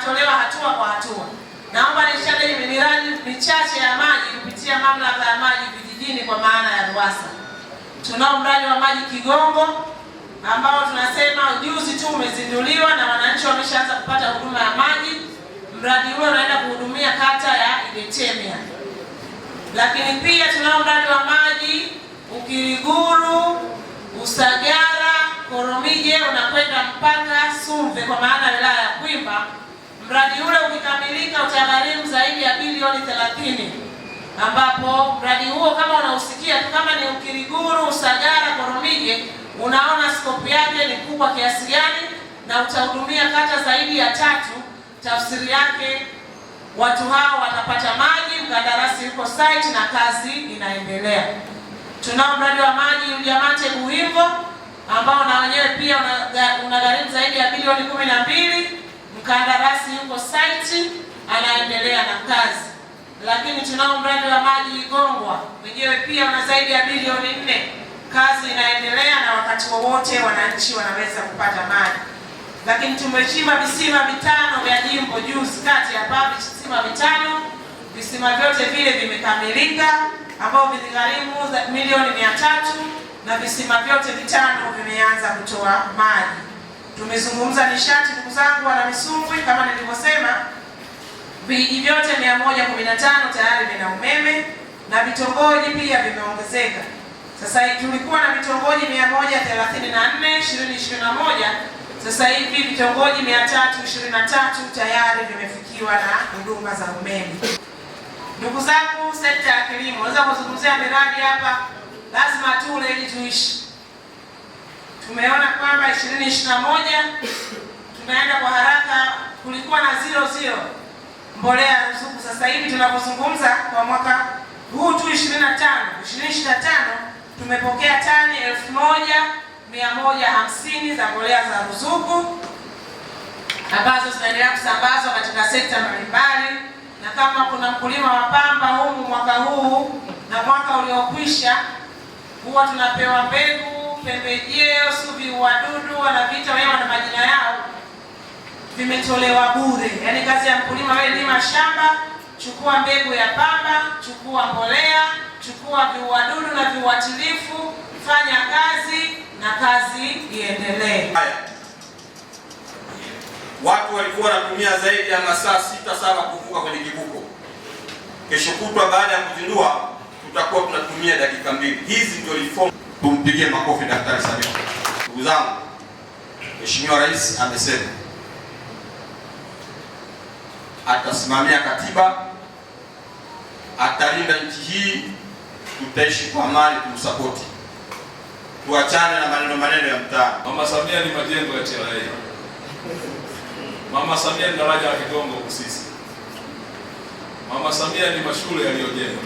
yanatolewa hatua kwa hatua. Naomba nishataje miradi michache ya maji kupitia mamlaka ya maji vijijini kwa maana ya RUWASA. Tunao mradi wa maji Kigongo ambao tunasema juzi tu umezinduliwa na wananchi wameshaanza kupata huduma ya maji. Mradi huo unaenda kuhudumia kata ya Ibetemia. Lakini pia tunao mradi wa maji Ukiriguru, Usagara, Koromije unakwenda mpaka Sumve kwa maana ya wilaya ya Kwimba umekamilika utagharimu zaidi ya bilioni 30, ambapo mradi huo kama unausikia tu kama ni Ukiriguru, Usagara, Koromije, unaona skopu yake ni kubwa kiasi gani na utahudumia kata zaidi ya tatu. Tafsiri yake watu hao watapata maji, mkandarasi yuko site na kazi inaendelea. Tunao mradi wa maji Ujamate Buhimbo ambao na wenyewe pia unagharimu zaidi ya bilioni kumi na mbili mkandarasi yuko site anaendelea na kazi, lakini tunao mradi wa maji Igongwa wenyewe pia una zaidi ya bilioni nne. Kazi inaendelea na wakati wowote wananchi wanaweza kupata maji, lakini tumechimba visima vitano vya jimbo juzi kati hapa, visima vitano, visima vyote vile vimekamilika, ambao viligharimu milioni mia tatu na visima vyote vitano vimeanza kutoa maji. Tumezungumza nishati, ndugu zangu wana Misungwi, kama nilivyosema Vijiji vyote 115 tayari vina umeme na vitongoji pia vimeongezeka. Sasa tulikuwa na vitongoji 134 2021, sasa hivi vitongoji 323 tayari vimefikiwa na huduma za umeme. Ndugu zangu, sekta ya kilimo, naweza kuzungumzia miradi hapa, lazima tule ili tuishi. Tumeona kwamba 2021 tunaenda kwa haraka, kulikuwa na zero zero mbolea ya ruzuku sasa hivi tunapozungumza, kwa mwaka huu tu 25 2025 tumepokea tani 1150 za mbolea za ruzuku ambazo zinaendelea kusambazwa katika sekta mbalimbali, na kama kuna mkulima wa pamba humu mwaka huu na mwaka uliokwisha, huwa tunapewa mbegu, pembejeo, suvi, wadudu wanavita wenyewe na majina yao vimetolewa bure. Yaani kazi ya mkulima, wewe lima shamba, chukua mbegu ya pamba, chukua mbolea, chukua viuadudu na viuatilifu, fanya kazi na kazi iendelee. Watu walikuwa wanatumia zaidi ya masaa sita saba kuvuka kwenye kivuko. Kesho kutwa baada ya kuzindua tutakuwa tunatumia dakika mbili. Hizi ndio reform. Tumpigie makofi Daktari Samia. Ndugu zangu, Mheshimiwa Rais amesema atasimamia katiba, atalinda nchi hii, tutaishi kwa amani, tumsapoti, tuachane na maneno maneno ya mtaa. Mama Samia ni majengo ya TRA. Mama Samia ni daraja la Kigongo Busisi. Mama Samia ni mashule yaliyojengwa.